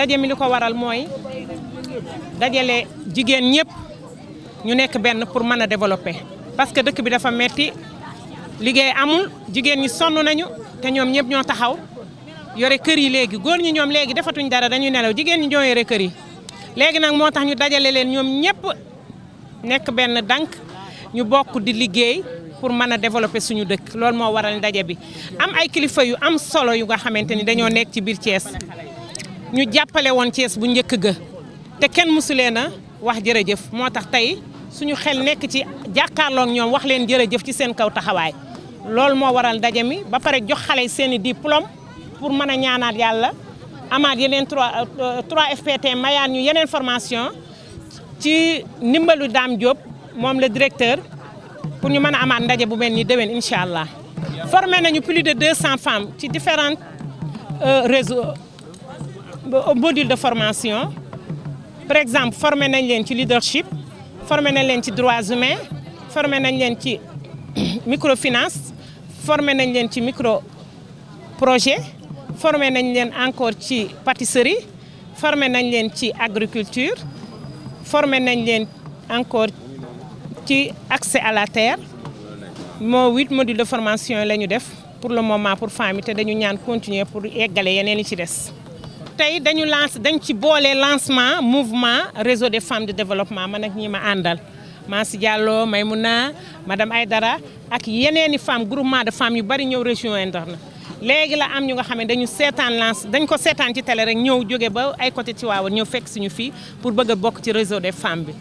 ndaje mi li ko waral mooy dajale jigéen ñëpp ñu nekk benn pour mën a développer parce que dëkk bi dafa metti liggéey amul jigéen ñi sonn nañu te ñoom ñëpp ñoo taxaw yore kër yi léegi góor ñi ñoom léegi defatuñ dara dañuy nelaw jigéen ñi ñoo yore kër yi léegi nag moo tax ñu dajale leen ñoom ñëpp nekk benn dànk ñu bokk di liggéey pour mën a développer suñu dëkk loolu moo waral ndaje bi am ay kilifa yu am solo yu nga xamante ni dañoo nekk ci biir Thiès ñu jàppale woon Thiès bu njëkk ga te kenn mosulee na wax jërëjëf moo tax tey suñu xel nekk ci jàkkaarloog ñoom wax leen jërëjëf ci seen kaw taxawaay loolu moo waral ndaje mi ba pare jox xale seen i diplôme pour mën a ñaanaat yàlla amaat yeneen 3 3FPT mayaan ñu yeneen formation ci ndimbalu Dame Diop moom la directeur pour ñu mën a amaat ndaje bu mel ni déwén incha allah. formé nañu plus de 200 femmes ci différents euh, réseaux. module de formation par exemple former nañ leen ci leadership former nañ leen ci droits humains former nañ leen ci microfinance former nañ leen ci micro projet former nañ leen encore ci pâtisserie former nañ leen ci agriculture former nañ leen encore ci accès à la terre moo huit modules de formation la def pour le moment pour famille té dañu ñaan continuer pour égaler yenen ci dess tay dañu lance dañ ci bolé lancement mouvement réseau des femmes de développement man ak ñi ma àndal Diallo Maymouna madame Aydara ak yeneeni femmes groupement de femmes yu bari ñew région interne légui la am ñu nga xamé dañu sétane lance dañ ko sétane ci télé rek ñew joggé ba ay côté Tivaouane ñew fekk suñu fi pour bëgg bok ci réseau des femmes bi